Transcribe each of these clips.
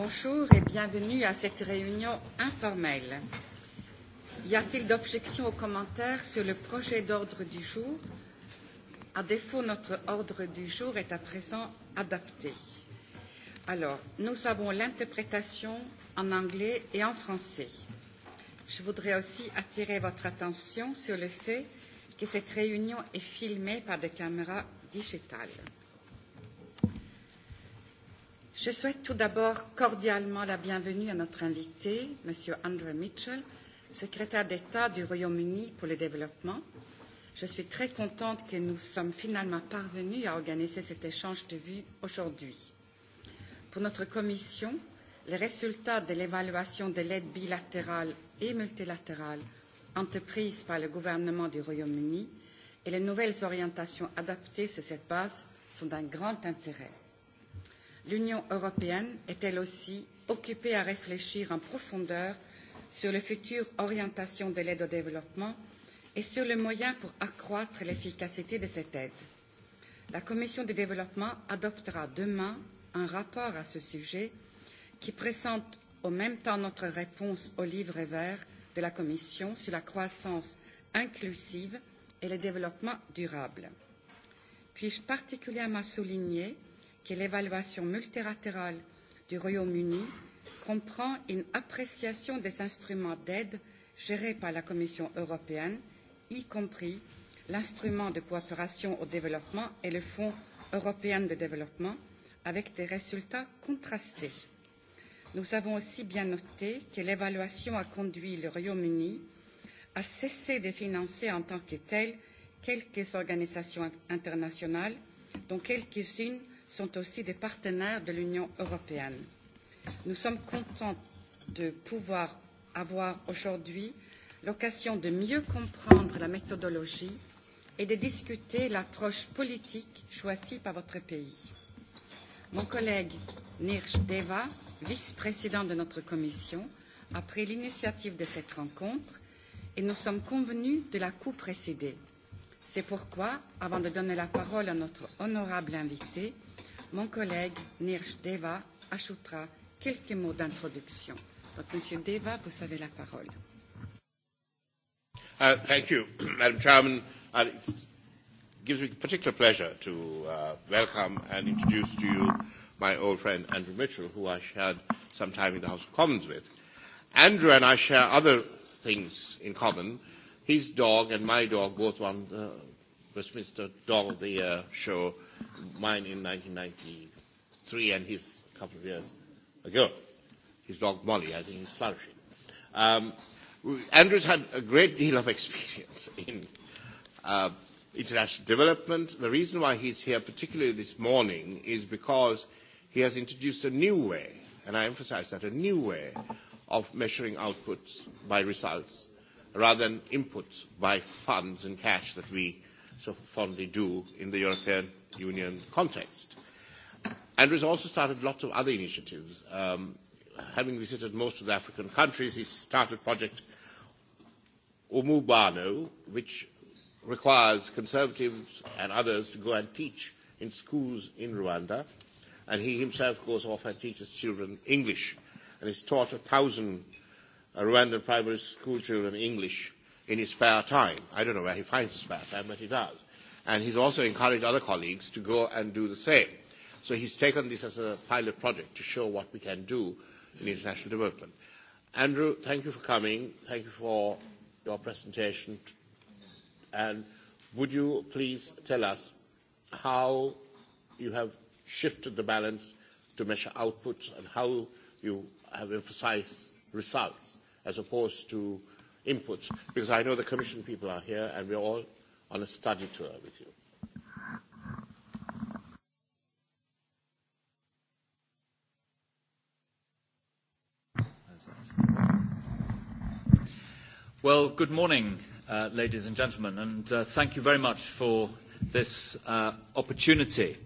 Bonjour et bienvenue à cette réunion informelle. Y a-t-il d'objections aux commentaires sur le projet d'ordre du jour À défaut, notre ordre du jour est à présent adapté. Alors, nous avons l'interprétation en anglais et en français. Je voudrais aussi attirer votre attention sur le fait que cette réunion est filmée par des caméras digitales. Je souhaite tout d'abord cordialement la bienvenue à notre invité, M. Andrew Mitchell, secrétaire d'État du Royaume-Uni pour le développement. Je suis très contente que nous sommes finalement parvenus à organiser cet échange de vues aujourd'hui. Pour notre commission, les résultats de l'évaluation de l'aide bilatérale et multilatérale entreprise par le gouvernement du Royaume-Uni et les nouvelles orientations adaptées sur cette base sont d'un grand intérêt l'Union européenne est elle aussi occupée à réfléchir en profondeur sur les futures orientations de l'aide au développement et sur les moyens pour accroître l'efficacité de cette aide. La Commission du développement adoptera demain un rapport à ce sujet qui présente en même temps notre réponse au livre vert de la Commission sur la croissance inclusive et le développement durable. Puis-je particulièrement souligner que l'évaluation multilatérale du Royaume-Uni comprend une appréciation des instruments d'aide gérés par la Commission européenne, y compris l'instrument de coopération au développement et le Fonds européen de développement, avec des résultats contrastés. Nous avons aussi bien noté que l'évaluation a conduit le Royaume-Uni à cesser de financer en tant que tel quelques organisations internationales, dont quelques-unes sont aussi des partenaires de l'Union européenne. Nous sommes contents de pouvoir avoir aujourd'hui l'occasion de mieux comprendre la méthodologie et de discuter l'approche politique choisie par votre pays. Mon collègue Nirj Deva, vice-président de notre commission, a pris l'initiative de cette rencontre et nous sommes convenus de la coup présider C'est pourquoi, avant de donner la parole à notre honorable invité, mon collègue Nirj Deva ajoutera quelques mots d'introduction. Donc, Monsieur Deva, vous avez la parole. Uh, thank you, Madam Chairman. Uh, it gives me particular pleasure to uh, welcome and introduce to you my old friend Andrew Mitchell, who I shared some time in the House of Commons with. Andrew and I share other things in common. His dog and my dog both won the Westminster Dog of the Year show mine in 1993 and his a couple of years ago. His dog Molly, I think he's flourishing. Um, Andrew's had a great deal of experience in uh, international development. The reason why he's here, particularly this morning, is because he has introduced a new way, and I emphasize that, a new way of measuring outputs by results rather than inputs by funds and cash that we so fondly do in the European Union context. And we've also started lots of other initiatives. Um, having visited most of the African countries, he started Project Umubano, which requires conservatives and others to go and teach in schools in Rwanda. And he himself goes off and teaches children English. And he's taught a thousand Rwandan primary school children English in his spare time. I don't know where he finds his spare time, but he does and he's also encouraged other colleagues to go and do the same. So he's taken this as a pilot project to show what we can do in international development. Andrew, thank you for coming. Thank you for your presentation. And would you please tell us how you have shifted the balance to measure outputs and how you have emphasized results as opposed to inputs? Because I know the Commission people are here and we're all on a study tour with you. Well, good morning, uh, ladies and gentlemen, and uh, thank you very much for this uh, opportunity.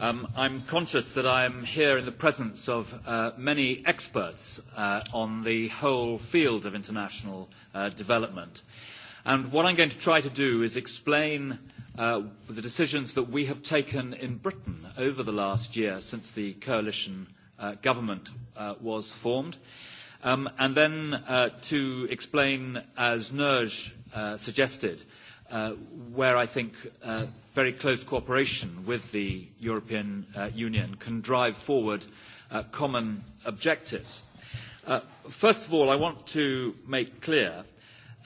Um, I'm conscious that I am here in the presence of uh, many experts uh, on the whole field of international uh, development. And what I'm going to try to do is explain the decisions that we have taken in Britain over the last year since the coalition government was formed. and then to explain, as Nerj suggested, where I think very close cooperation with the European Union can drive forward common objectives. first of all, I want to make clear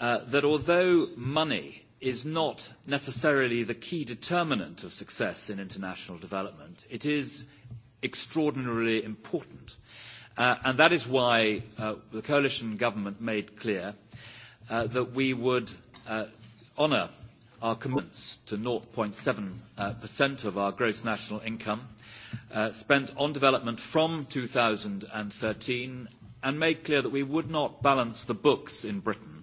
that although money is not necessarily the key determinant of success in international development, it is extraordinarily important. and that is why the coalition government made clear that we would honour our commitments to 0.7% of our gross national income spent on development from 2013 and made clear that we would not balance the books in Britain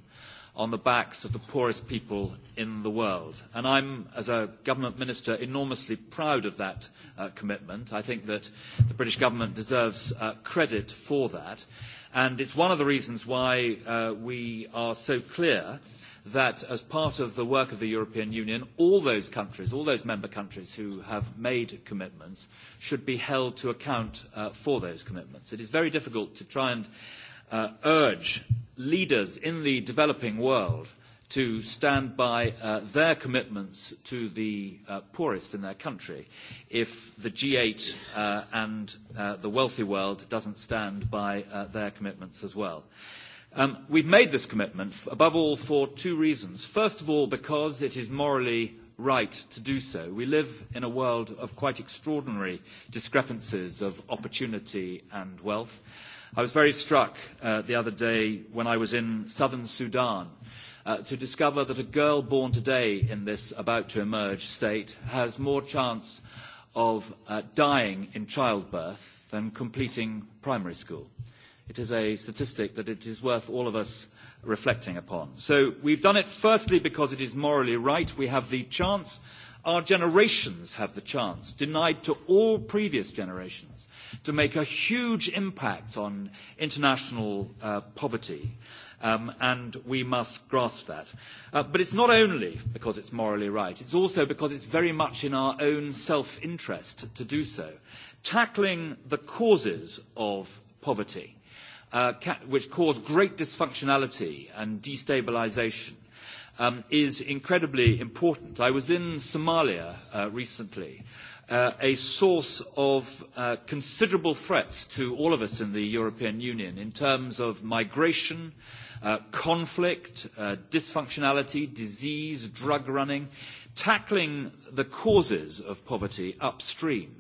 on the backs of the poorest people in the world. And I'm, as a government minister, enormously proud of that uh, commitment. I think that the British government deserves uh, credit for that. And it's one of the reasons why uh, we are so clear that as part of the work of the European Union, all those countries, all those member countries who have made commitments should be held to account uh, for those commitments. It is very difficult to try and urge leaders in the developing world to stand by their commitments to the poorest in their country if the g eight and the wealthy world doesn't stand by their commitments as well. We have made this commitment, above all, for two reasons. First of all, because it is morally right to do so. We live in a world of quite extraordinary discrepancies of opportunity and wealth. I was very struck uh, the other day when I was in southern Sudan uh, to discover that a girl born today in this about to emerge state has more chance of uh, dying in childbirth than completing primary school. It is a statistic that it is worth all of us reflecting upon. So we've done it firstly because it is morally right. We have the chance, our generations have the chance, denied to all previous generations, to make a huge impact on international uh, poverty. Um, and we must grasp that. Uh, but it's not only because it's morally right, it's also because it's very much in our own self-interest to do so. Tackling the causes of poverty which cause great dysfunctionality and destabilisation is incredibly important. I was in Somalia recently, a source of considerable threats to all of us in the European Union in terms of migration, conflict, dysfunctionality, disease, drug running. Tackling the causes of poverty upstream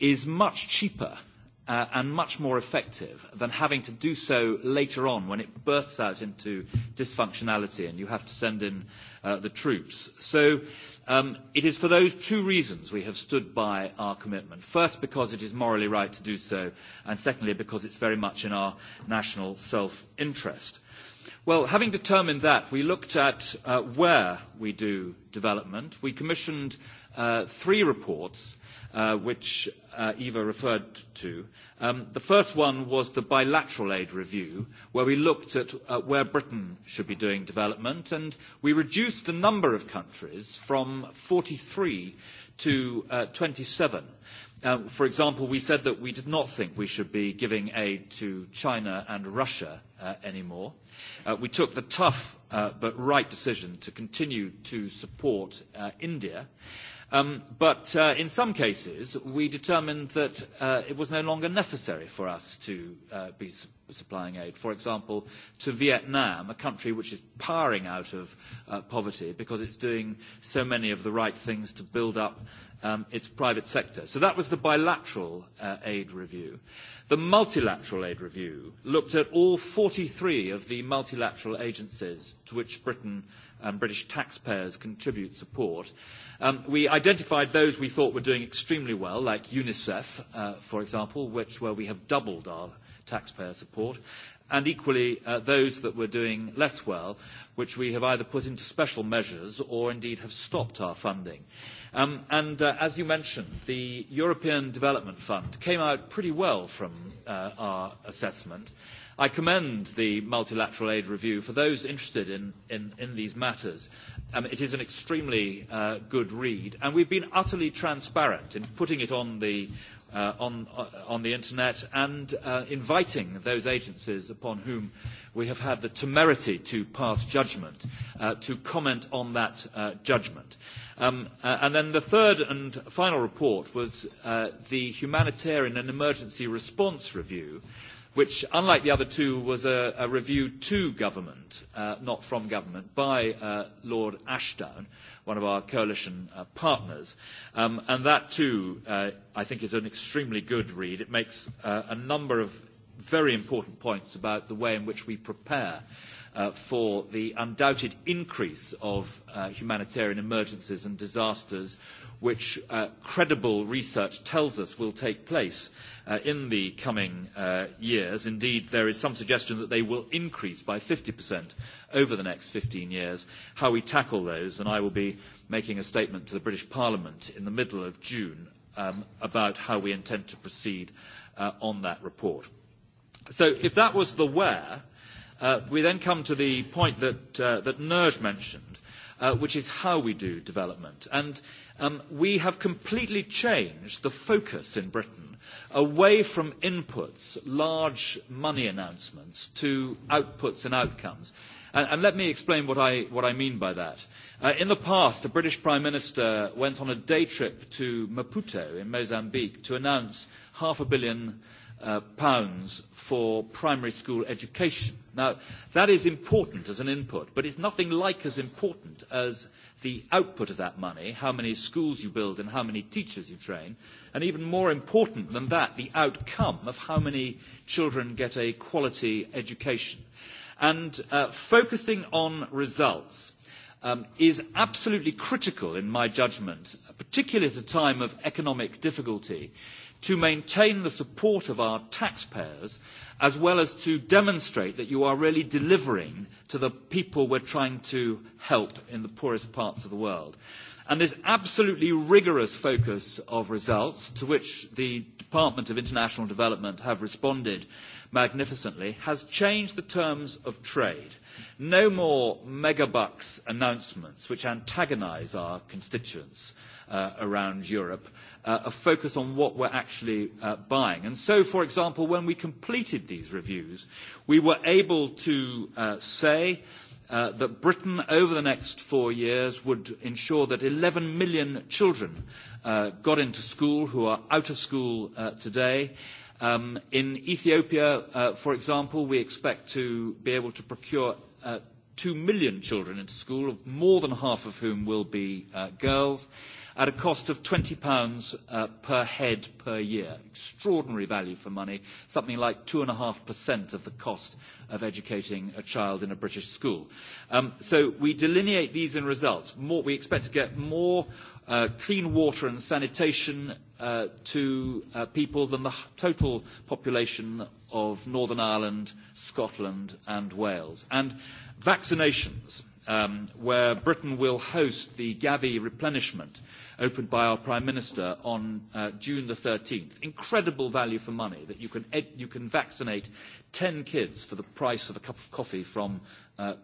is much cheaper and much more effective than having to do so later on when it bursts out into dysfunctionality and you have to send in the troops. So it is for those two reasons we have stood by our commitment. First, because it is morally right to do so, and secondly, because it is very much in our national self-interest. Well, having determined that, we looked at where we do development. We commissioned three reports which Eva referred to. The first one was the bilateral aid review, where we looked at where Britain should be doing development, and we reduced the number of countries from forty three to twenty seven. For example, we said that we did not think we should be giving aid to China and Russia anymore. We took the tough but right decision to continue to support India but in some cases, we determined that it was no longer necessary for us to be supplying aid. For example, to Vietnam, a country which is powering out of poverty because it's doing so many of the right things to build up its private sector. So that was the bilateral aid review. The multilateral aid review looked at all forty three of the multilateral agencies to which Britain and British taxpayers contribute support. Um, we identified those we thought were doing extremely well, like UNICEF, uh, for example, which where we have doubled our taxpayer support, and equally uh, those that were doing less well, which we have either put into special measures or indeed have stopped our funding. Um, and uh, as you mentioned, the European Development Fund came out pretty well from uh, our assessment. I commend the multilateral aid review for those interested in, in, in these matters. Um, it is an extremely uh, good read, and we've been utterly transparent in putting it on the, uh, on, on the internet and uh, inviting those agencies upon whom we have had the temerity to pass judgment uh, to comment on that uh, judgment. Um, uh, and then the third and final report was uh, the humanitarian and emergency response review which, unlike the other two, was a, a review to government, uh, not from government, by uh, Lord Ashdown, one of our coalition uh, partners. Um, and that, too, uh, I think is an extremely good read. It makes uh, a number of very important points about the way in which we prepare for the undoubted increase of humanitarian emergencies and disasters, which credible research tells us will take place in the coming years. Indeed, there is some suggestion that they will increase by 50% over the next 15 years. How we tackle those, and I will be making a statement to the British Parliament in the middle of June about how we intend to proceed on that report. So if that was the where, we then come to the point that, uh, that Nerj mentioned, uh, which is how we do development. And um, we have completely changed the focus in Britain away from inputs, large money announcements, to outputs and outcomes. And, and let me explain what I, what I mean by that. Uh, in the past, the British Prime Minister went on a day trip to Maputo in Mozambique to announce half a billion pounds for primary school education. Now, that is important as an input, but it's nothing like as important as the output of that money, how many schools you build and how many teachers you train, and even more important than that, the outcome of how many children get a quality education. And focusing on results is absolutely critical, in my judgment, particularly at a time of economic difficulty, uh, to maintain the support of our taxpayers, as well as to demonstrate that you are really delivering to the people we're trying to help in the poorest parts of the world. And this absolutely rigorous focus of results, to which the Department of International Development have responded magnificently, has changed the terms of trade. No more megabucks announcements which antagonise our constituents around Europe, a focus on what we're actually buying. And so, for example, when we completed these reviews, we were able to say that Britain, over the next four years, would ensure that eleven million children got into school who are out of school today. in Ethiopia, for example, we expect to be able to procure two million children into school, more than half of whom will be girls at a cost of £20 per head per year. Extraordinary value for money, something like 2.5% of the cost of educating a child in a British school. so we delineate these in results. More, we expect to get more clean water and sanitation to people than the total population of Northern Ireland, Scotland and Wales. And vaccinations – where Britain will host the Gavi replenishment opened by our Prime Minister on uh, June the 13th. Incredible value for money that you can, ed- you can vaccinate 10 kids for the price of a cup of coffee from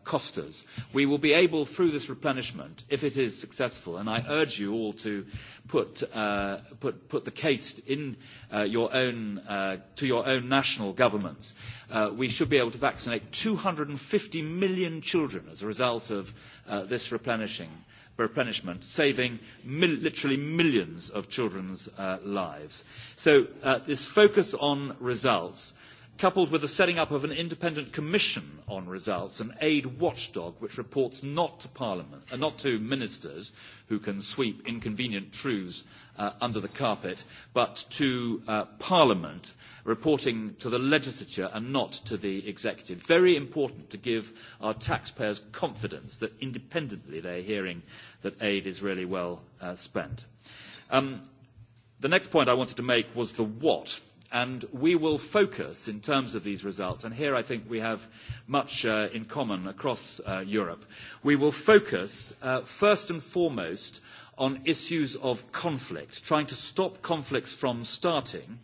cost us. We will be able, through this replenishment, if it is successful, and I urge you all to put the case in your own to your own national governments, we should be able to vaccinate two hundred and fifty million children as a result of this replenishing replenishment, saving literally millions of children's lives. So this focus on results coupled with the setting up of an independent commission on results, an aid watchdog which reports not to Parliament, uh, not to ministers who can sweep inconvenient truths uh, under the carpet, but to uh, Parliament reporting to the legislature and not to the executive. Very important to give our taxpayers confidence that independently they're hearing that aid is really well uh, spent. Um, the next point I wanted to make was the what and we will focus in terms of these results, and here I think we have much in common across Europe. We will focus first and foremost on issues of conflict, trying to stop conflicts from starting,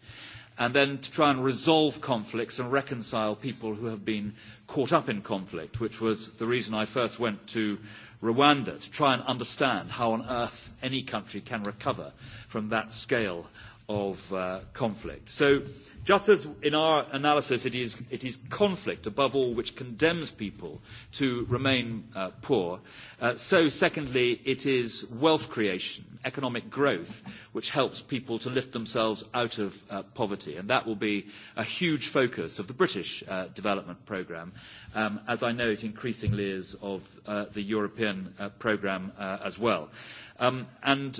and then to try and resolve conflicts and reconcile people who have been caught up in conflict, which was the reason I first went to Rwanda, to try and understand how on earth any country can recover from that scale of conflict. So Just as in our analysis it is, it is conflict above all which condemns people to remain uh, poor, uh, so secondly it is wealth creation, economic growth, which helps people to lift themselves out of uh, poverty. And that will be a huge focus of the British uh, development programme, um, as I know it increasingly is of uh, the European uh, programme uh, as well. Um, and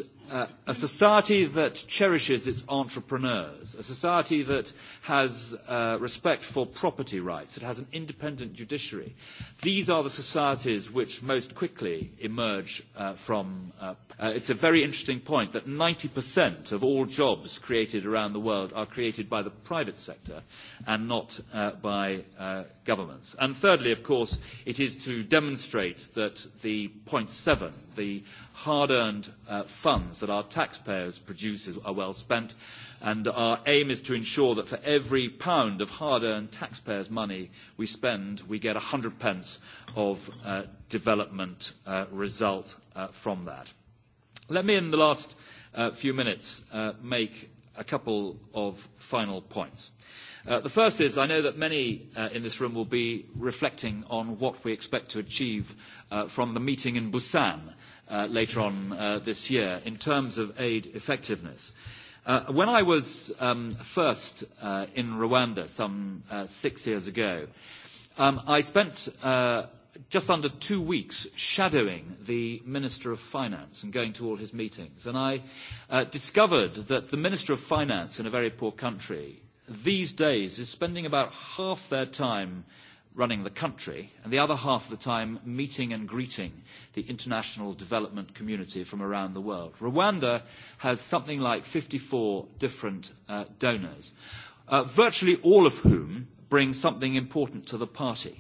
a society that cherishes its entrepreneurs, a society that has uh, respect for property rights. It has an independent judiciary. These are the societies which most quickly emerge uh, from. Uh, uh, it's a very interesting point that 90% of all jobs created around the world are created by the private sector and not uh, by uh, governments. And thirdly, of course, it is to demonstrate that the point seven, the hard-earned uh, funds that our taxpayers produce, are well spent And our aim is to ensure that for every pound of hard-earned taxpayers' money we spend, we get 100 pence of development result from that. Let me, in the last few minutes, make a couple of final points. The first is, I know that many in this room will be reflecting on what we expect to achieve from the meeting in Busan later on this year in terms of aid effectiveness. When I was first in Rwanda some six years ago, I spent just under two weeks shadowing the Minister of Finance and going to all his meetings. And I discovered that the Minister of Finance in a very poor country these days is spending about half their time running the country, and the other half of the time meeting and greeting the international development community from around the world. Rwanda has something like 54 different uh, donors, uh, virtually all of whom bring something important to the party.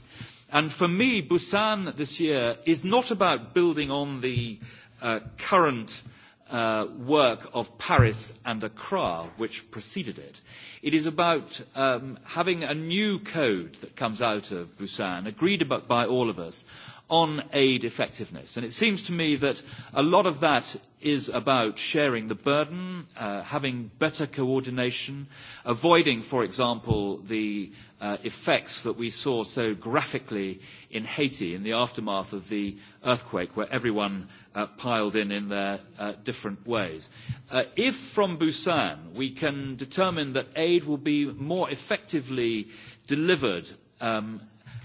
And for me, Busan this year is not about building on the uh, current uh, uh, work of Paris and Accra, which preceded it. It is about um, having a new code that comes out of Busan, agreed about by all of us, on aid effectiveness. And it seems to me that a lot of that is about sharing the burden, uh, having better coordination, avoiding, for example, the effects that we saw so graphically in Haiti in the aftermath of the earthquake, where everyone piled in in their different ways. if from Busan we can determine that aid will be more effectively delivered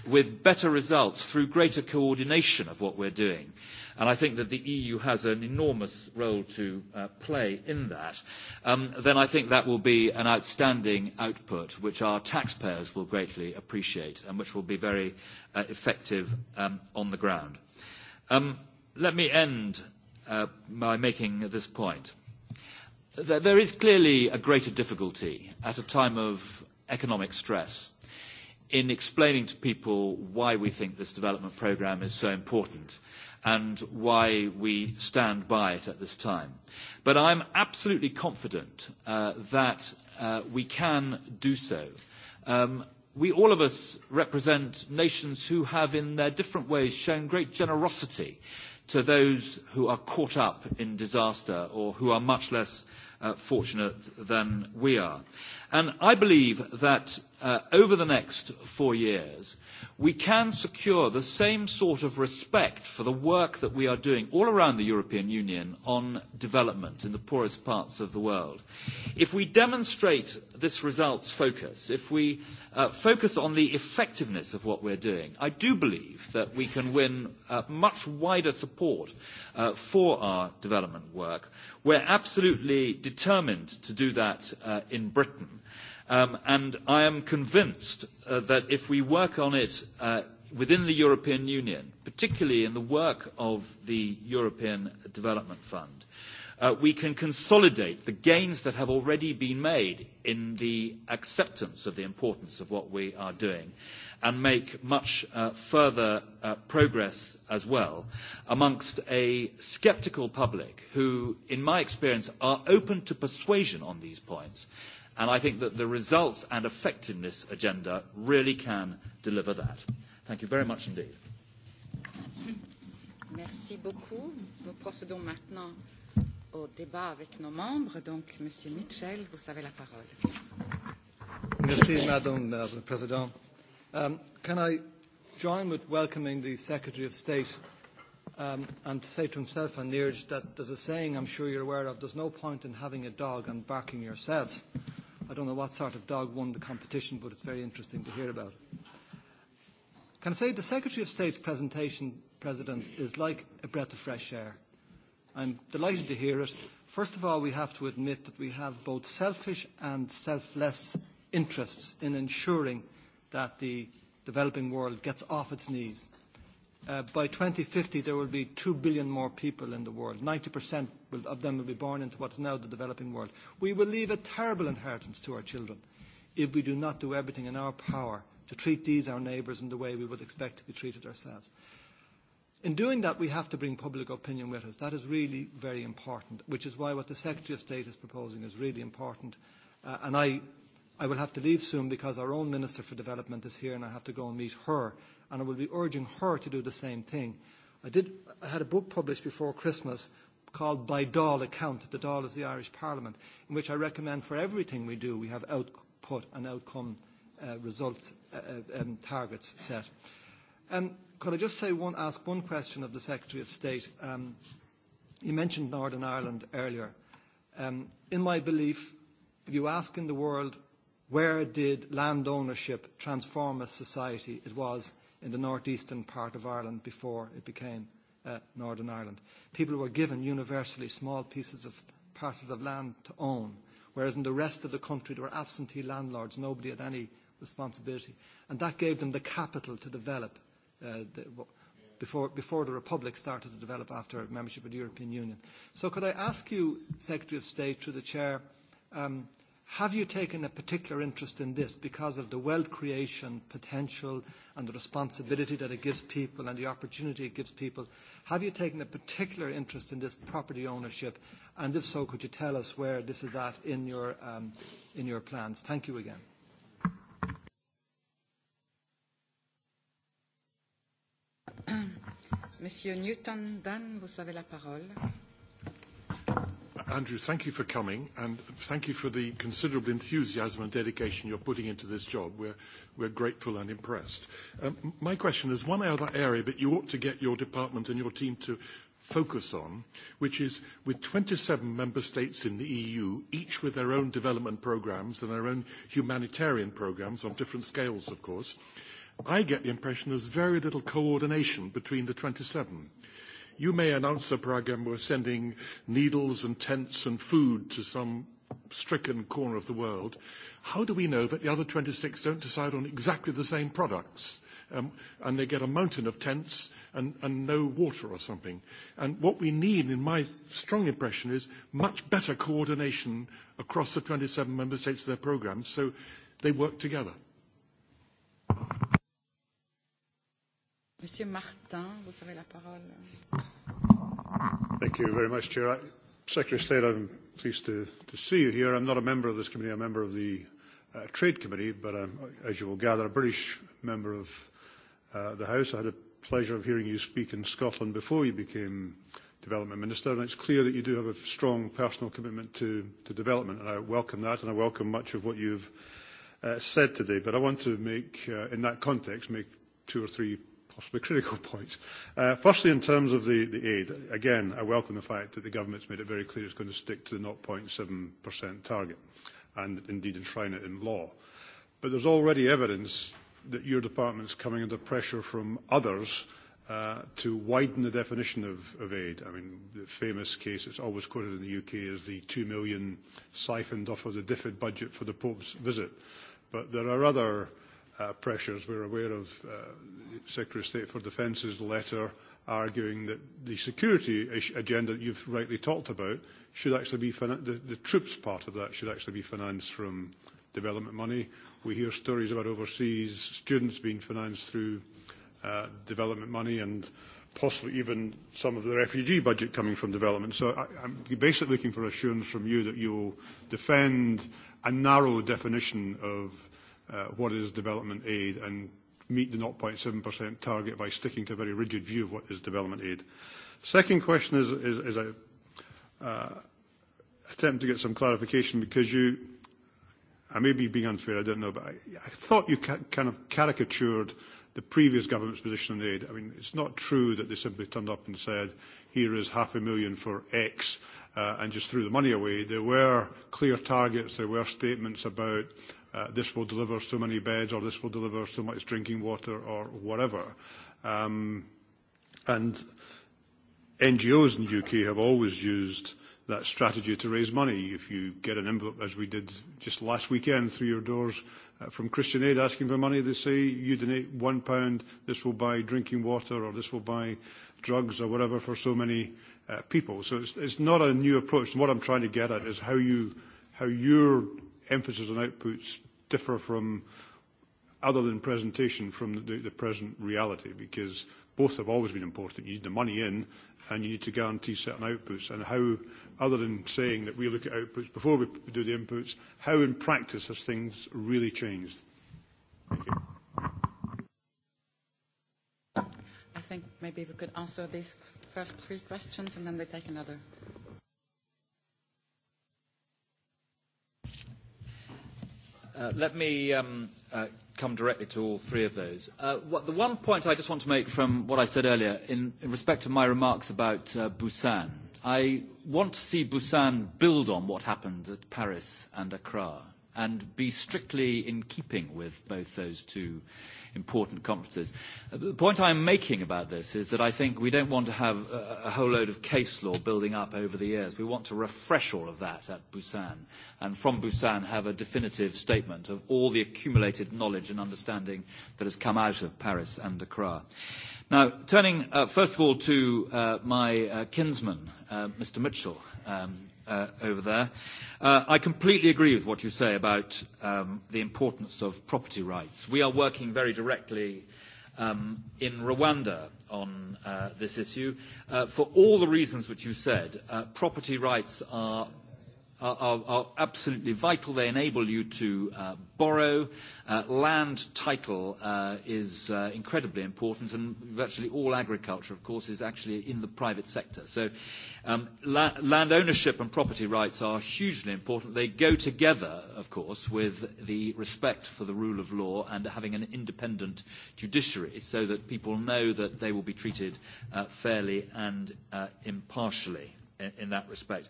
with better results through greater coordination of what we are doing, I think that the EU has an enormous role to play in that. then I think that will be an outstanding output, which our taxpayers will greatly appreciate and which will be very effective on the ground. let me end by making this point. There is clearly a greater difficulty at a time of economic stress in explaining to people why we think this development programme is so important and why we stand by it at this time. But I'm absolutely confident uh, that uh, we can do so. Um, we all of us represent nations who have in their different ways shown great generosity to those who are caught up in disaster or who are much less uh, fortunate than we are. And I believe that uh, over the next four years, uh, we can secure the same sort of respect for the work that we are doing all around the European Union on development in the poorest parts of the world. If we demonstrate this results focus, if we focus on the effectiveness of what we are doing, I do believe that we can win much wider support for our development work. We are absolutely determined to do that in Britain and I am convinced that if we work on it within the European Union, particularly in the work of the European Development Fund, we can consolidate the gains that have already been made in the acceptance of the importance of what we are doing and make much further progress as well amongst a sceptical public who, in my experience, are open to persuasion on these points And I think that the results and effectiveness agenda really can deliver that. Thank you very much indeed. Merci beaucoup. Nous procédons maintenant au débat avec nos membres. Donc, Monsieur Mitchell, vous avez la parole. Merci, Madame la Présidente. can I join with welcoming the Secretary of State and to say to himself and Neerj that there's a saying I'm sure you're aware of, there's no point in having a dog and barking yourselves. I don't know what sort of dog won the competition, but it's very interesting to hear about. Can I say the Secretary of State's presentation, President, is like a breath of fresh air. I'm delighted to hear it. First of all, we have to admit that we have both selfish and selfless interests in ensuring that the developing world gets off its knees by 2050 there will be 2 billion more people in the world. 90% of them will be born into what's now the developing world. We will leave a terrible inheritance to our children if we do not do everything in our power to treat these, our neighbours, in the way we would expect to be treated ourselves. In doing that, we have to bring public opinion with us. That is really very important, which is why what the Secretary of State is proposing is really important. Uh, and I, I will have to leave soon because our own Minister for Development is here and I have to go and meet her and I will be urging her to do the same thing. I, did, I had a book published before Christmas called By Dáil Account, the Dáil is the Irish Parliament, in which I recommend for everything we do we have output and outcome uh, results uh, um, targets set. Um, could I just say one, ask one question of the Secretary of State? Um, you mentioned Northern Ireland earlier. Um, in my belief, if you ask in the world where did land ownership transform a society, it was in the northeastern part of Ireland before it became uh, Northern Ireland. People were given universally small pieces of parcels of land to own, whereas in the rest of the country there were absentee landlords, nobody had any responsibility. And that gave them the capital to develop uh, the, before, before the Republic started to develop after membership of the European Union. So could I ask you, Secretary of State, through the Chair, um, – Have you taken a particular interest in this because of the wealth creation potential and the responsibility that it gives people and the opportunity it gives people? Have you taken a particular interest in this property ownership? And if so, could you tell us where this is at in your, um, in your plans? Thank you again. Monsieur Newton-Dunn, vous avez la parole. Andrew, thank you for coming, and thank you for the considerable enthusiasm and dedication you're putting into this job. We're, we're grateful and impressed. my question is one other area that you ought to get your department and your team to focus on, which is with 27 member states in the EU, each with their own development programs and their own humanitarian programs on different scales, of course, I get the impression there's very little coordination between the 27. You may announce a program we're sending needles and tents and food to some stricken corner of the world. How do we know that the other 26 don't decide on exactly the same products? um, and they get a mountain of tents and, and no water or something. And what we need, in my strong impression, is much better coordination across the 27 member states of their programs so they work together. Monsieur Martin, vous avez la parole. Thank you very much, Chair. Secretary of State, I'm pleased to, to see you here. I'm not a member of this committee. I'm a member of the uh, Trade Committee, but I'm, as you will gather, a British member of uh, the House. I had a pleasure of hearing you speak in Scotland before you became Development Minister, and it's clear that you do have a strong personal commitment to, to development, and I welcome that, and I welcome much of what you've uh, said today. But I want to make, uh, in that context, make two or three possibly critical points. Uh, firstly, in terms of the, the aid, again, I welcome the fact that the government's made it very clear it's going to stick to the 0.7% target and indeed enshrine it in law. But there's already evidence that your department's coming under pressure from others uh, to widen the definition of, of aid. I mean, the famous case that's always quoted in the UK is the 2 million siphoned off of the DFID budget for the Pope's visit. But there are other uh, pressures. We're aware of uh, Secretary of State for Defence's letter arguing that the security agenda that you've rightly talked about should actually be fin- the, the troops part of that should actually be financed from development money. We hear stories about overseas students being financed through uh, development money and possibly even some of the refugee budget coming from development. So I, I'm basically looking for assurance from you that you'll defend a narrow definition of what is development aid and meet the 0.7% target by sticking to a very rigid view of what is development aid. Second question is, is, is a uh, attempt to get some clarification because you, I may be being unfair, I don't know, but I, I thought you ca- kind of caricatured the previous government's position on aid. I mean, it's not true that they simply turned up and said, here is half a million for X, uh, and just threw the money away. There were clear targets, there were statements about uh, this will deliver so many beds or this will deliver so much drinking water or whatever. Um, and NGOs in the UK have always used that strategy to raise money. If you get an envelope, as we did just last weekend through your doors uh, from Christian Aid asking for money, they say you donate one pound, this will buy drinking water or this will buy drugs or whatever for so many uh, people. So it's, it's not a new approach. What I'm trying to get at is how you how your emphasis on outputs differ from, other than presentation, from the, the present reality, because both have always been important. You need the money in, and you need to guarantee certain outputs. And how, other than saying that we look at outputs before we do the inputs, how in practice has things really changed? Thank you. I think maybe we could answer these first three questions, and then we take another Let me come directly to all three of those. The one point I just want to make from what I said earlier in respect to my remarks about Busan, I want to see Busan build on what happened at Paris and Accra and be strictly in keeping with both those two important conferences. The point I'm making about this is that I think we don't want to have a whole load of case law building up over the years. We want to refresh all of that at Busan, and from Busan have a definitive statement of all the accumulated knowledge and understanding that has come out of Paris and Accra. Now, turning uh, first of all to uh, my uh, kinsman, uh, Mr. Mitchell, um, uh, over there, uh, I completely agree with what you say about um, the importance of property rights. We are working very directly um, in Rwanda on uh, this issue. Uh, for all the reasons which you said, uh, property rights are are, are absolutely vital. They enable you to borrow. land title uh, is uh, incredibly important, and virtually all agriculture, of course, is actually in the private sector. So la- land ownership and property rights are hugely important. They go together, of course, with the respect for the rule of law and having an independent judiciary so that people know that they will be treated fairly and impartially in that respect.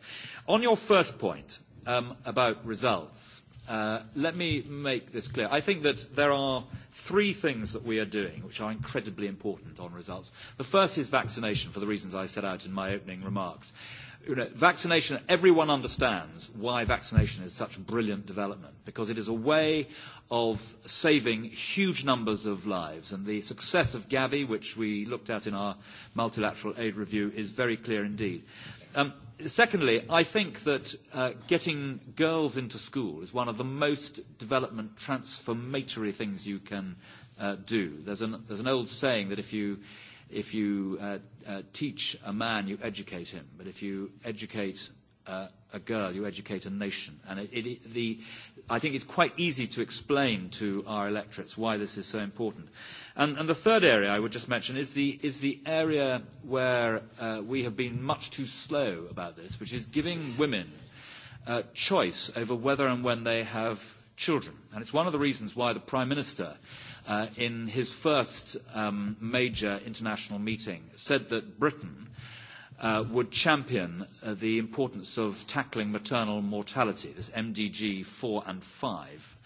On your first point about results, let me make this clear. I think that there are three things that we are doing which are incredibly important on results. The first is vaccination, for the reasons I set out in my opening remarks. Vaccination, everyone understands why vaccination is such a brilliant development, because it is a way of saving huge numbers of lives. And the success of Gavi, which we looked at in our multilateral aid review, is very clear indeed secondly, I think that uh, getting girls into school is one of the most development transformatory things you can uh, do. There's an, there's an old saying that if you, if you uh, uh, teach a man, you educate him. But if you educate uh, a girl, you educate a nation. And it, it, the, I think it's quite easy to explain to our electorates why this is so important. And, and the third area I would just mention is the, is the area where uh, we have been much too slow about this, which is giving women uh, choice over whether and when they have children. And it's one of the reasons why the Prime Minister, uh, in his first um, major international meeting, said that Britain – would champion the importance of tackling maternal mortality, this MDG 4 and 5.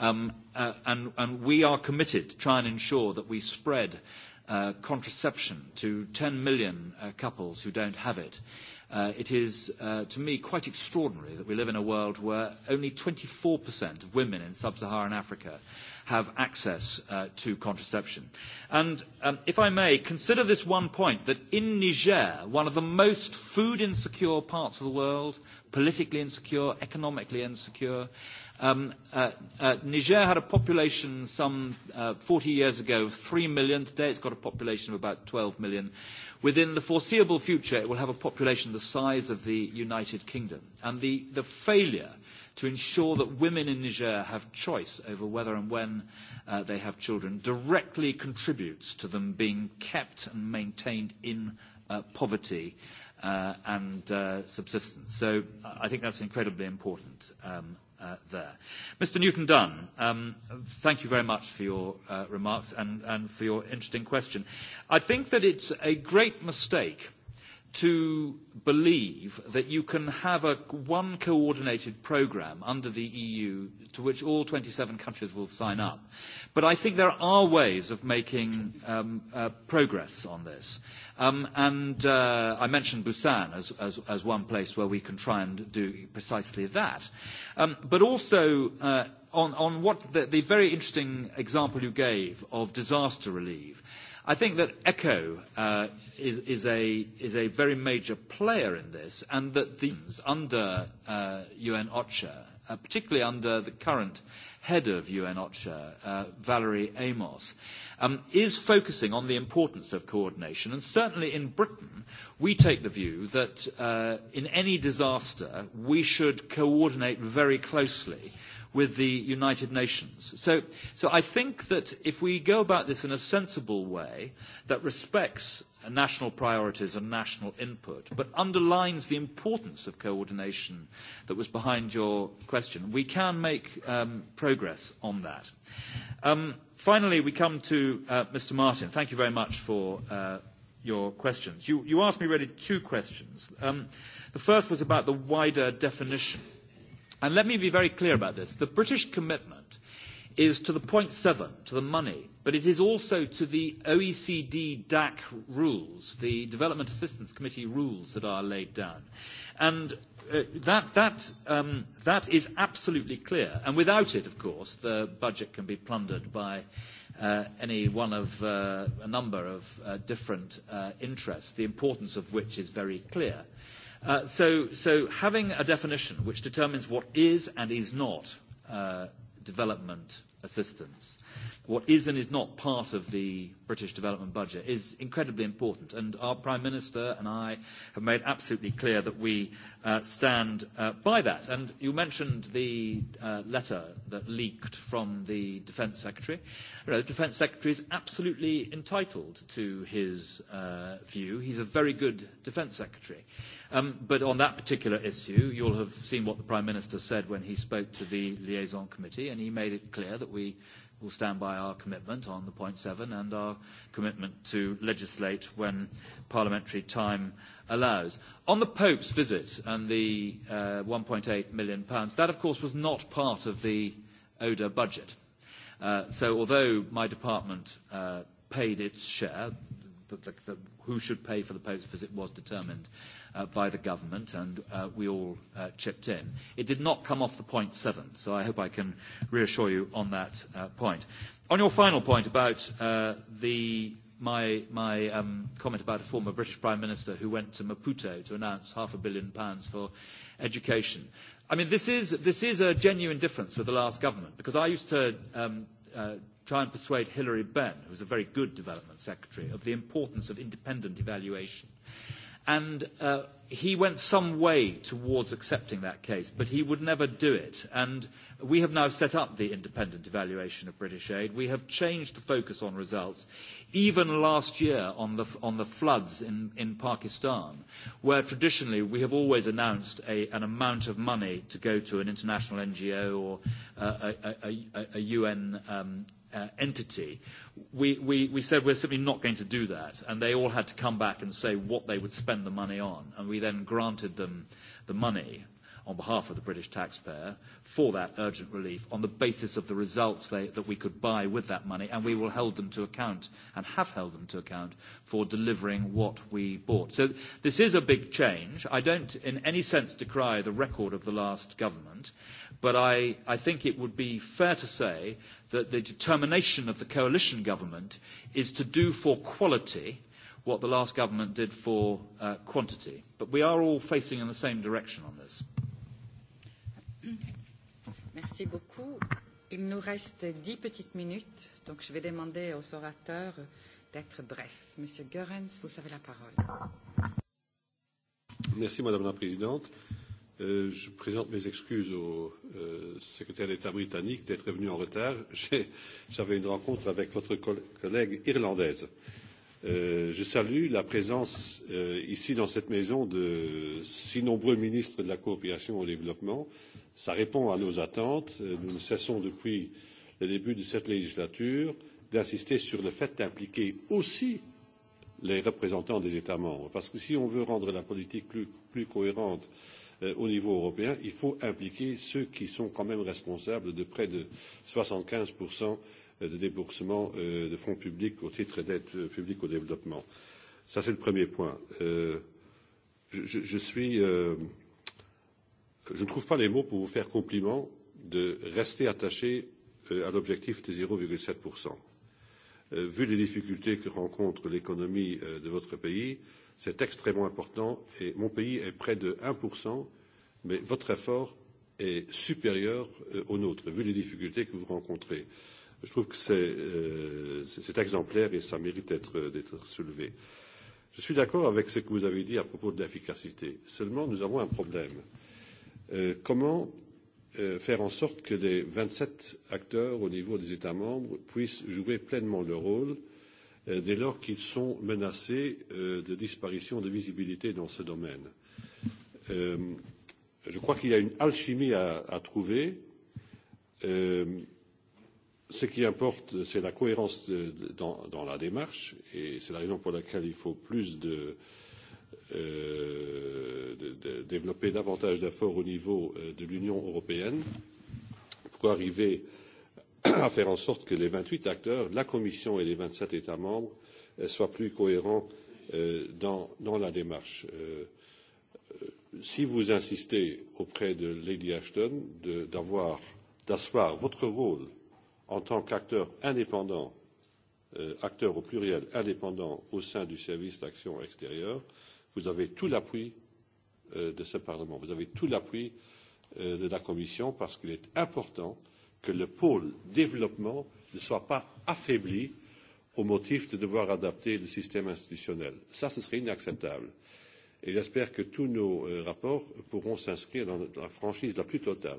and, we are committed to try and ensure that we spread contraception to 10 million couples who don't have it it is, to me, quite extraordinary that we live in a world where only 24% of women in sub-Saharan Africa have access to contraception. And if I may, consider this one point, that in Niger, one of the most food insecure parts of the world, politically insecure, economically insecure. Um, uh, uh, Niger had a population some uh, 40 years ago of 3 million. Today it's got a population of about 12 million. Within the foreseeable future, it will have a population the size of the United Kingdom. And the, the failure to ensure that women in Niger have choice over whether and when uh, they have children directly contributes to them being kept and maintained in uh, poverty and subsistence. So I think that's incredibly important there. Mr. Newton-Dunn, thank you very much for your remarks and for your interesting question. I think that it's a great mistake to believe that you can have a, one coordinated programme under the EU to which all 27 countries will sign up. But I think there are ways of making um, uh, progress on this. Um, and uh, I mentioned Busan as, as, as one place where we can try and do precisely that. Um, but also, uh, on, on what the, the very interesting example you gave of disaster relief I think that ECHO uh, is, is, a, is a very major player in this, and that the under uh, UN OCHA, uh, particularly under the current head of UN OCHA, uh, Valerie Amos, um, is focusing on the importance of coordination. And certainly in Britain, we take the view that uh, in any disaster, we should coordinate very closely with the United Nations. So, so I think that if we go about this in a sensible way that respects national priorities and national input, but underlines the importance of coordination that was behind your question, we can make um, progress on that. Um, finally, we come to uh, Mr. Martin. Thank you very much for uh, your questions. You, you asked me really two questions. Um, the first was about the wider definition And let me be very clear about this. The British commitment is to the point seven, to the money, but it is also to the OECD DAC rules, the Development Assistance Committee rules that are laid down. And that, that, um, that is absolutely clear. And without it, of course, the budget can be plundered by any one of a number of different interests, the importance of which is very clear. So having a definition which determines what is and is not development assistance. What is and is not part of the British development budget is incredibly important, and our Prime Minister and I have made absolutely clear that we uh, stand uh, by that. And you mentioned the uh, letter that leaked from the Defence Secretary. You know, the Defence Secretary is absolutely entitled to his uh, view. He's a very good Defence Secretary. Um, but on that particular issue, you'll have seen what the Prime Minister said when he spoke to the liaison committee, and he made it clear that we will stand by our commitment on the point seven and our commitment to legislate when parliamentary time allows. On the Pope's visit and the uh, 1.8 million pounds, that of course was not part of the ODA budget. Uh, so although my department uh, paid its share, the, the, the, who should pay for the Pope's visit was determined. Uh, by the government, and we all uh chipped in. It did not come off the 0.7, so I hope I can reassure you on that point. On your final point about the my my um, comment about a former British Prime Minister who went to Maputo to announce half a billion pounds for education. I mean, this is this is a genuine difference with the last government because I used to. Um, uh, try and persuade Hilary Benn, who was a very good development secretary, of the importance of independent evaluation. And uh, he went some way towards accepting that case, but he would never do it. And we have now set up the independent evaluation of British aid. We have changed the focus on results. Even last year on the, on the floods in, in Pakistan, where traditionally we have always announced a, an amount of money to go to an international NGO or uh, a, a, a UN um, uh, entity, we, we, we said we're simply not going to do that. And they all had to come back and say what they would spend the money on. And we then granted them the money on behalf of the British taxpayer for that urgent relief on the basis of the results they, that we could buy with that money, and we will hold them to account and have held them to account for delivering what we bought. So this is a big change. I don't in any sense decry the record of the last government, but I, I think it would be fair to say that the determination of the coalition government is to do for quality what the last government did for uh, quantity. But we are all facing in the same direction on this. Merci beaucoup. Il nous reste dix petites minutes, donc je vais demander aux orateurs d'être brefs. Monsieur Goerens, vous avez la parole. Merci, Madame la Présidente. je présente mes excuses au secrétaire d'État britannique d'être venu en retard. J'avais une rencontre avec votre collègue irlandaise. Euh, je salue la présence ici dans cette maison de si nombreux ministres de la coopération au développement. Cela répond à nos attentes. Nous ne cessons depuis le début de cette législature d'insister sur le fait d'impliquer aussi les représentants des États membres. Parce que si on veut rendre la politique plus, cohérente au niveau européen, il faut impliquer ceux qui sont quand même responsables de près de soixante quinze de déboursement de fonds publics au titre d'aide publique au développement. Ça, c'est le premier point. je, je suis. je ne trouve pas les mots pour vous faire compliment de rester attaché à l'objectif de zéro sept vu les difficultés que rencontre l'économie de votre pays, c'est extrêmement important et mon pays est près de un, mais votre effort est supérieur au nôtre, vu les difficultés que vous rencontrez. Je trouve que c'est exemplaire et ça mérite d'être soulevé. Je suis d'accord avec ce que vous avez dit à propos de l'efficacité. Seulement, nous avons un problème. comment faire en sorte que les vingt sept acteurs au niveau des États membres puissent jouer pleinement leur rôle dès lors qu'ils sont menacés de disparition de visibilité dans ce domaine. je crois qu'il y a une alchimie à, trouver ce qui importe, c'est la cohérence dans, la démarche, et c'est la raison pour laquelle il faut plus de, développer davantage d'efforts au niveau de l'Union européenne pour arriver à faire en sorte que les vingt huit acteurs, la Commission et les vingt sept États membres soient plus cohérents dans, la démarche. si vous insistez auprès de Lady Ashton d'asseoir votre rôle en tant qu'acteur indépendant, acteur au pluriel indépendant au sein du service d'action extérieure, vous avez tout l'appui de ce Parlement, vous avez tout l'appui de la Commission parce qu'il est important que le pôle développement ne soit pas affaibli au motif de devoir adapter le système institutionnel. Ça, ce serait inacceptable. Et j'espère que tous nos rapports pourront s'inscrire dans la franchise la plus totale.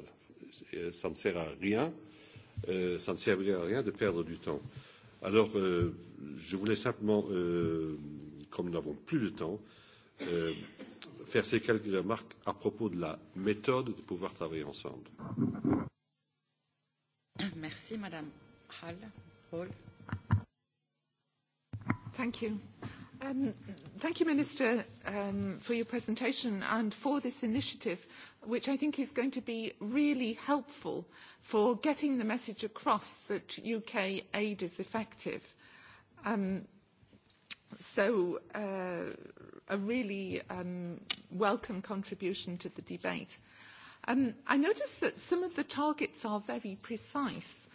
Cela ne sert à rien euh, euh, ça ne servirait à rien de perdre du temps. Alors, euh, je voulais simplement, euh, comme nous n'avons plus de temps, euh, faire ces quelques remarques à propos de la méthode de pouvoir travailler ensemble. Merci, Madame Hall. Hall. Thank you. Um, thank you, Minister, um, for your presentation and for this initiative which I think is going to be really helpful for getting the message across that UK aid is effective. Um, so uh, a really um, welcome contribution to the debate. Um, I noticed that some of the targets are very precise,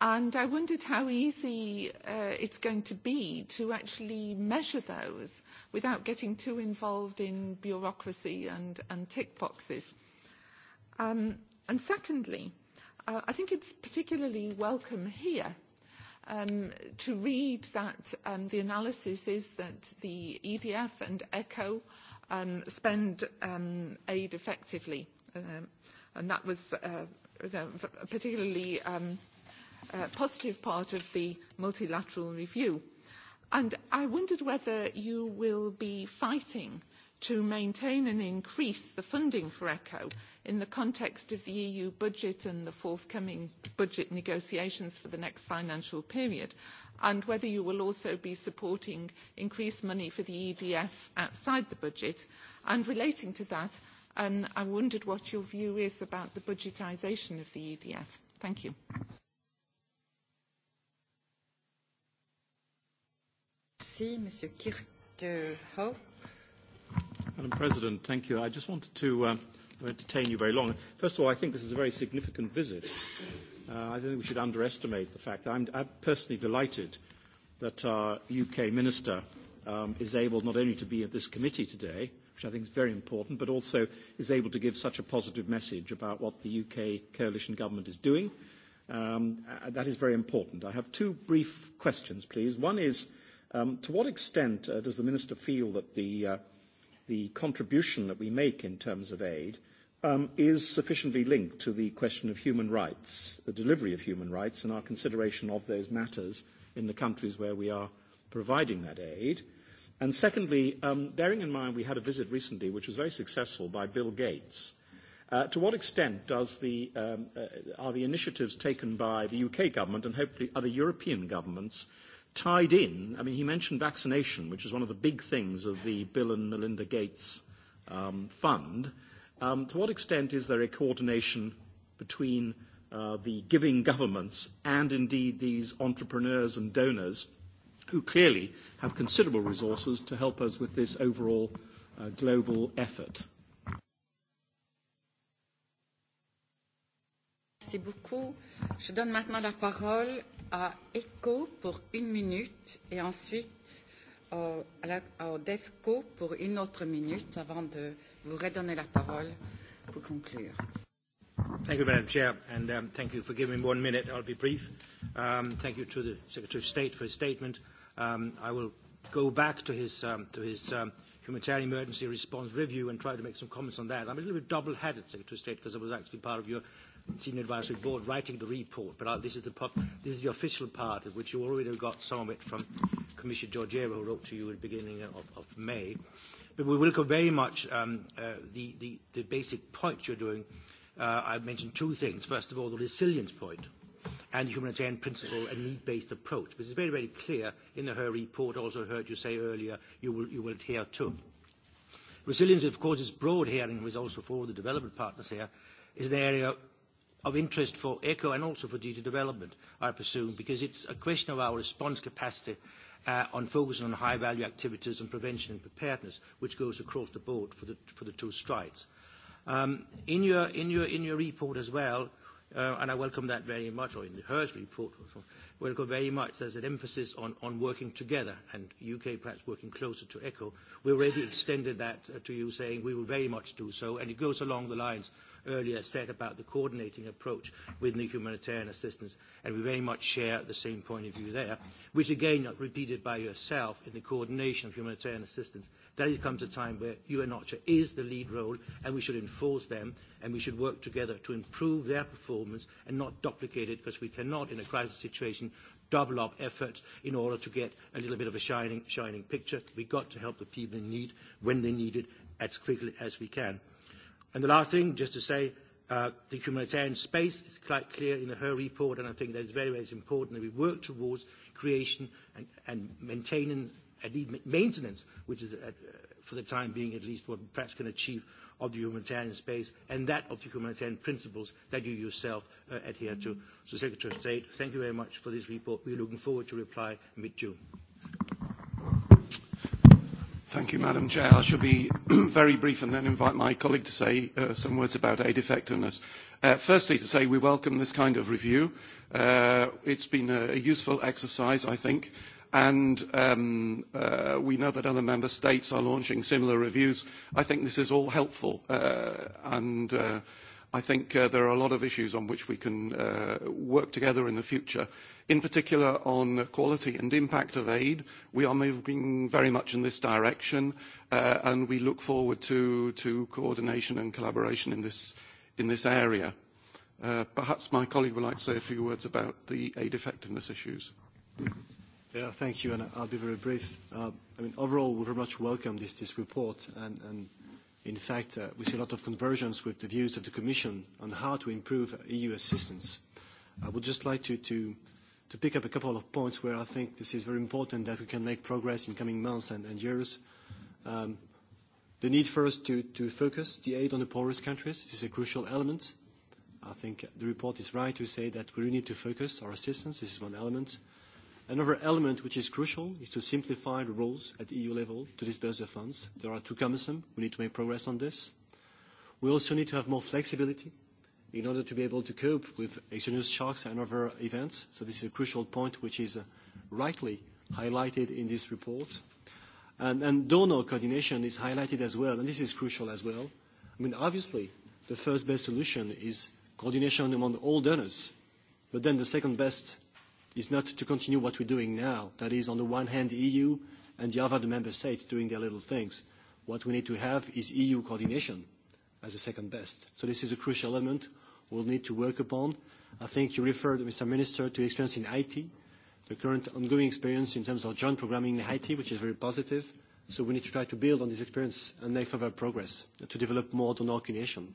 and I wondered how easy uh, it's going to be to actually measure those without getting too involved in bureaucracy and, and tick boxes. Um, and secondly, uh, I think it's particularly welcome here um, to read that um, the analysis is that the EDF and ECHO um, spend um, aid effectively. Um, and that was uh, a particularly um, uh, positive part of the multilateral review. And I wondered whether you will be fighting to maintain and increase the funding for ECHO in the context of the EU budget and the forthcoming budget negotiations for the next financial period, and whether you will also be supporting increased money for the EDF outside the budget. And relating to that, um, I wondered what your view is about the budgetisation of the EDF. Thank you. Merci, Monsieur Madam President, thank you. I just wanted to um, entertain you very long. First of all, I think this is a very significant visit. Uh, I don't think we should underestimate the fact. I'm, I'm personally delighted that our UK minister um, is able not only to be at this committee today, which I think is very important, but also is able to give such a positive message about what the UK coalition government is doing. Um, that is very important. I have two brief questions, please. One is, um, to what extent uh, does the minister feel that the uh, the contribution that we make in terms of aid um, is sufficiently linked to the question of human rights, the delivery of human rights, and our consideration of those matters in the countries where we are providing that aid. And secondly, um, bearing in mind we had a visit recently which was very successful by Bill Gates. Uh, to what extent does the, um, uh, are the initiatives taken by the UK government and hopefully other European governments tied in, I mean, he mentioned vaccination, which is one of the big things of the Bill and Melinda Gates um, fund. Um, to what extent is there a coordination between uh, the giving governments and indeed these entrepreneurs and donors who clearly have considerable resources to help us with this overall uh, global effort? Merci beaucoup. Je donne maintenant la parole à ECHO pour une minute et ensuite au, à la, au DEFCO pour une autre minute avant de vous redonner la parole pour conclure. Thank you, Madam Chair, and um, thank you for giving me one minute. I'll be brief. Um, thank you to the Secretary of State for his statement. Um, I will go back to his, um, to his um, humanitarian emergency response review and try to make some comments on that. I'm a little bit double-headed, Secretary of State, because I was actually part of your senior advisory board writing the report, but this is the pop this is the official part, of which you already have got some of it from Commissioner Georgieva, who wrote to you at the beginning of, of May. But we welcome very much um, uh, the, the, the basic point you're doing. Uh, I mentioned two things. First of all, the resilience point and the humanitarian principle and need-based approach, which is very, very clear in the her report. Also heard you say earlier you will, you will adhere to. Resilience, of course, is broad here and was also for the development partners here, is an area of interest for ECHO and also for DG Development are pursuing because it's a question of our response capacity uh, on focusing on high-value activities and prevention and preparedness, which goes across the board for the, for the two strides. Um, in, your, in, your, in your report as well, uh, and I welcome that very much, or in the HERS report, welcome very much, there's an emphasis on, on working together, and UK perhaps working closer to ECHO. We already extended that to you, saying we will very much do so, and it goes along the lines earlier said about the coordinating approach with the humanitarian assistance, and we very much share the same point of view there, which again, not repeated by yourself in the coordination of humanitarian assistance, it comes a time where UNOCHA is the lead role, and we should enforce them, and we should work together to improve their performance and not duplicate it, because we cannot, in a crisis situation, double up effort in order to get a little bit of a shining, shining picture. We've got to help the people in need when they need it as quickly as we can. And the last thing, just to say, uh, the humanitarian space is quite clear in her report, and I think that is very, very important that we work towards creation and, and maintaining, at least maintenance, which is at, for the time being at least what we perhaps can achieve of the humanitarian space and that of the humanitarian principles that you yourself uh, adhere to. So Secretary of State, thank you very much for this report. We're looking forward to reply mid-June. Thank you, Madam Chair. I shall be very brief and then invite my colleague to say some words about aid effectiveness. Firstly, to say we welcome this kind of review. It's been a useful exercise, I think, and we know that other member states are launching similar reviews. I think this is all helpful, and uh I think uh, there are a lot of issues on which we can uh, work together in the future. In particular, on quality and impact of aid, we are moving very much in this direction, uh, and we look forward to, to coordination and collaboration in this, in this area. Uh, perhaps my colleague would like to say a few words about the aid effectiveness issues. Yeah, thank you, and I'll be very brief. Uh, I mean, overall, we very much welcome this, this report, and, and – In fact, uh, we see a lot of convergence with the views of the Commission on how to improve EU assistance. I would just like to, to, to pick up a couple of points where I think this is very important that we can make progress in coming months and, and years. Um, the need first to, to focus the aid on the poorest countries this is a crucial element. I think the report is right to say that we really need to focus our assistance. This is one element. Uh, Another element which is crucial is to simplify the rules at EU level to disburse the funds. They are too cumbersome. We need to make progress on this. We also need to have more flexibility in order to be able to cope with exogenous shocks and other events. So this is a crucial point which is rightly highlighted in this report. And, and donor coordination is highlighted as well, and this is crucial as well. I mean, obviously, the first best solution is coordination among all donors, but then the second best is not to continue what we're doing now. That is, on the one hand, the EU and the other, the member states doing their little things. What we need to have is EU coordination as a second best. So this is a crucial element we'll need to work upon. I think you referred, Mr. Minister, to experience in IT, the current ongoing experience in terms of joint programming in IT, which is very positive. So we need to try to build on this experience and make further progress to develop more donor coordination.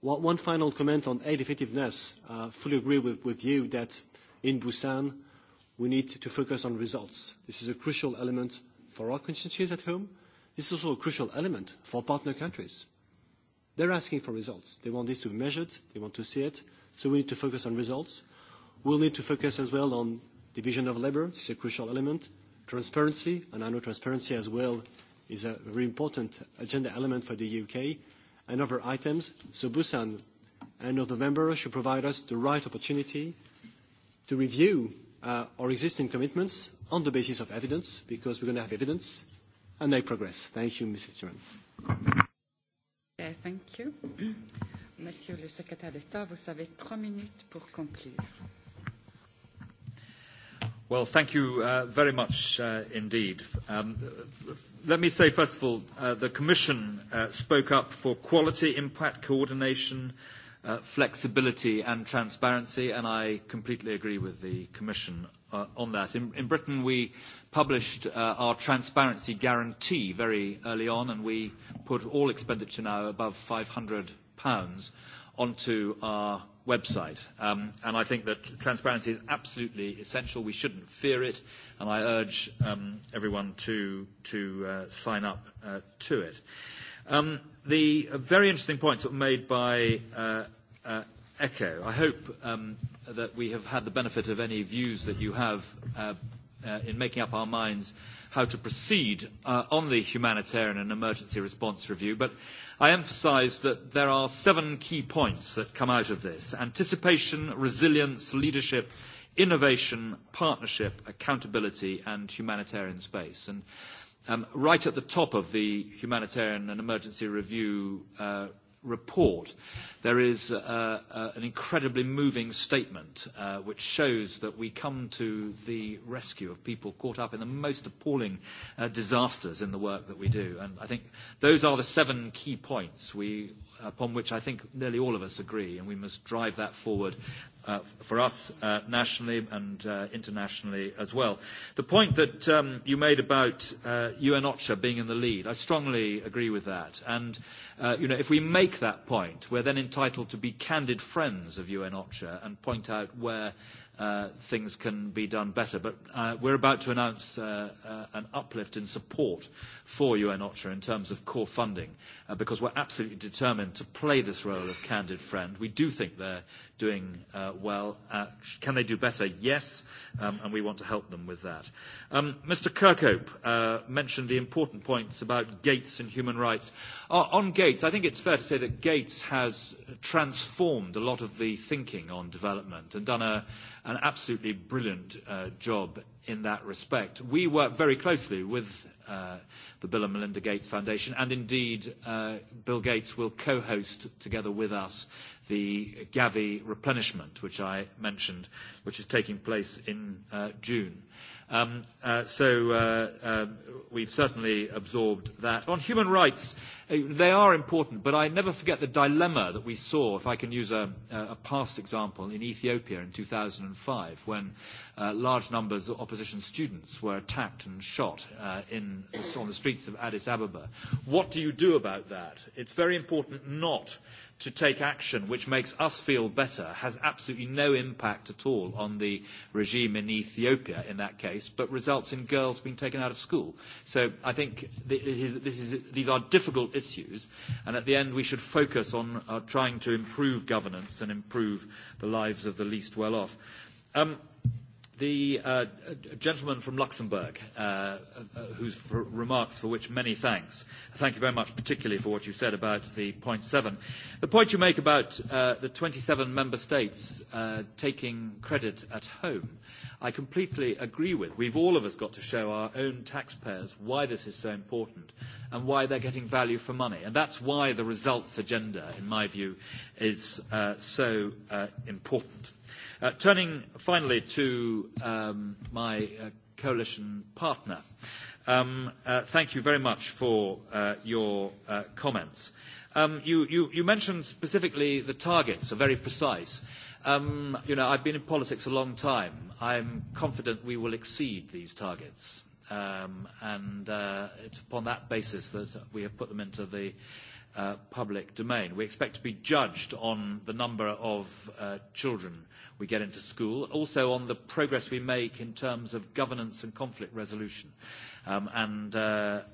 One final comment on aid effectiveness. I fully agree with you that in Busan, we need to focus on results. This is a crucial element for our constituencies at home. This is also a crucial element for partner countries. They're asking for results. They want this to be measured. They want to see it. So we need to focus on results. We'll need to focus as well on division of labor. This is a crucial element. Transparency, and I know transparency as well is a very important agenda element for the U.K. and other items. So Busan, end of November, should provide us the right opportunity to review uh, our existing commitments on the basis of evidence, because we're going to have evidence, and make progress. Thank you, Mr. Chairman. Thank you. Monsieur le secrétaire d'État, vous avez trois minutes pour conclure. Well, thank you uh, very much uh, indeed. Um, let me say, first of all, uh, the Commission uh, spoke up for quality impact coordination, flexibility and transparency, and I completely agree with the Commission on that. In Britain, we published our transparency guarantee very early on, and we put all expenditure now above 500 pounds onto our website. I think that transparency is absolutely essential. We shouldn't fear it, and I urge everyone to sign up to it. Um, the very interesting points that were made by uh, uh, Echo. I hope um, that we have had the benefit of any views that you have uh, uh, in making up our minds how to proceed uh, on the humanitarian and emergency response review. But I emphasise that there are seven key points that come out of this anticipation, resilience, leadership, innovation, partnership, accountability, and humanitarian space. And right at the top of the humanitarian and emergency review uh, report, there is an incredibly moving statement which shows that we come to the rescue of people caught up in the most appalling disasters in the work that we do. And I think those are the seven key points we upon which I think nearly all of us agree, and we must drive that forward for us nationally and internationally as well. The point that you made about UN OCHA being in the lead, I strongly agree with that. And if we make that point, we're then entitled to be candid friends of UN OCHA and point out where things can be done better. But uh, we're about to announce uh, uh, an uplift in support for UN OCHA in terms of core funding, uh, because we're absolutely determined to play this role of candid friend. We do think they're doing uh, well. Uh, can they do better? Yes, um, and we want to help them with that. Um, Mr. Kirkhope uh, mentioned the important points about Gates and human rights. Uh, on Gates, I think it's fair to say that Gates has transformed a lot of the thinking on development and done a an absolutely brilliant uh, job in that respect. We work very closely with uh, the Bill and Melinda Gates Foundation, and indeed, uh, Bill Gates will co host together with us the Gavi replenishment, which I mentioned, which is taking place in uh, June. So we've certainly absorbed that. On human rights, they are important, but I never forget the dilemma that we saw, if I can use a past example, in Ethiopia in 2005, when large numbers of opposition students were attacked and shot on the streets of Addis Ababa. What do you do about that? It's very important not to take action which makes us feel better has absolutely no impact at all on the regime in Ethiopia in that case, but results in girls being taken out of school. So I think this is, these are difficult issues, and at the end we should focus on uh, trying to improve governance and improve the lives of the least well off. Um, The gentleman from Luxembourg, whose remarks for which many thanks. Thank you very much, particularly for what you said about the point seven. The point you make about the 27 member states taking credit at home, I completely agree with. We've all of us got to show our own taxpayers why this is so important and why they're getting value for money. that's why the results agenda, in my view, is so important. Turning finally to my coalition partner. Thank you very much for your comments. You mentioned specifically the targets are very precise. You know, I've been in politics a long time. I'm confident we will exceed these targets. And it's upon that basis that we have put them into the public domain. We expect to be judged on the number of children we get into school, also on the progress we make in terms of governance and conflict resolution. and I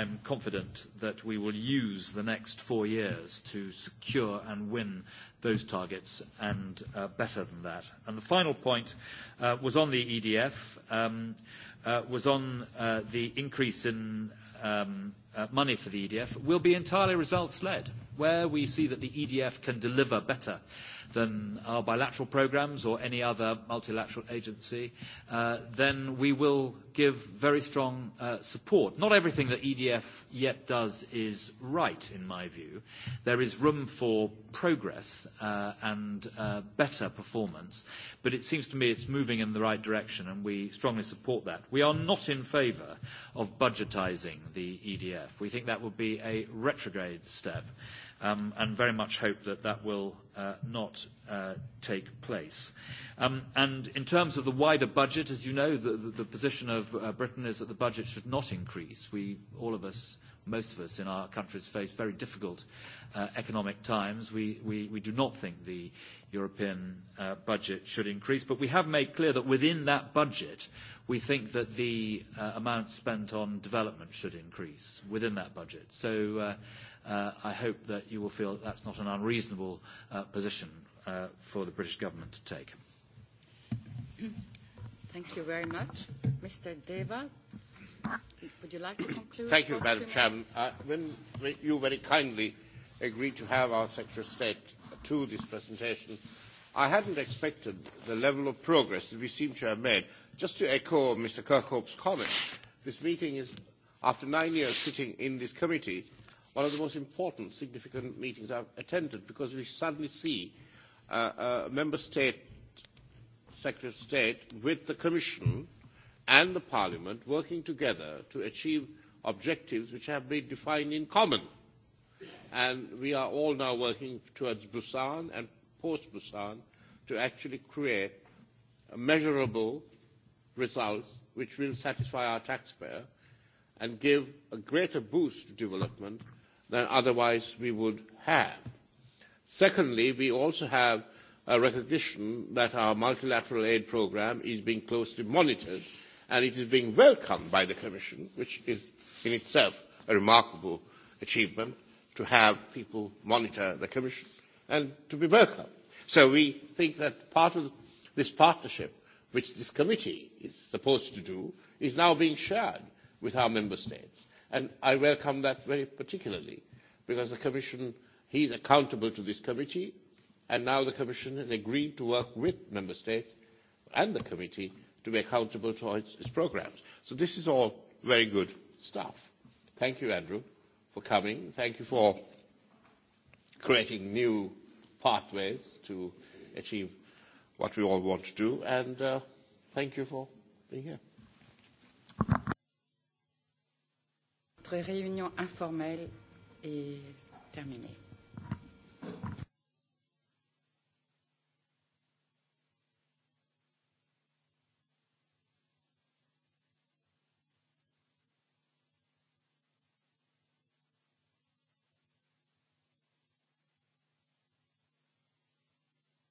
am confident that we will use the next four years to secure and win those targets and better than that. And the final point was on the EDF, was on the increase in money for the EDF will be entirely results-led, where we see that the EDF can deliver better than our bilateral programs or any other multilateral agency, then we will give very strong support. Not everything that EDF yet does is right, in my view. There is room for progress and better performance, but it seems to me it's moving in the right direction, and we strongly support that. We are not in favor of budgetizing the EDF IMF. We think that would be a retrograde step and very much hope that that will uh, not uh, take place. Um, and in terms of the wider budget, as you know, the, the, the position of uh, Britain is that the budget should not increase. We, all of us, most of us in our countries face very difficult uh, economic times. We, we, we do not think the European uh, budget should increase, but we have made clear that within that budget, we think that the uh, amount spent on development should increase within that budget. So uh, uh, I hope that you will feel that that's not an unreasonable uh, position uh, for the British government to take. Thank you very much. Mr. Deva, Would you like to conclude? Thank you, Madam Chairman. Uh, when you very kindly agreed to have our Secretary of State to this presentation, I hadn't expected the level of progress that we seem to have made. Just to echo Mr. Kirkhope's comment, this meeting is, after nine years sitting in this committee, one of the most important, significant meetings I've attended because we suddenly see uh, a member state, Secretary of State, with the Commission and the Parliament working together to achieve objectives which have been defined in common. And we are all now working towards Busan and post-Busan to actually create measurable results which will satisfy our taxpayer and give a greater boost to development than otherwise we would have. Secondly, we also have a recognition that our multilateral aid program is being closely monitored and it is being welcomed by the Commission, which is in itself a remarkable achievement to have people monitor the Commission and to be welcomed. So we think that part of this partnership, which this committee is supposed to do, is now being shared with our member states. And I welcome that very particularly because the Commission, he is accountable to this committee and now the Commission has agreed to work with member states and the committee to be accountable to its programs. So this is all very good stuff. Thank you, Andrew, for coming. Thank you for creating new pathways to achieve what we all want to do. And uh, thank you for being here. Notre réunion informelle est terminée.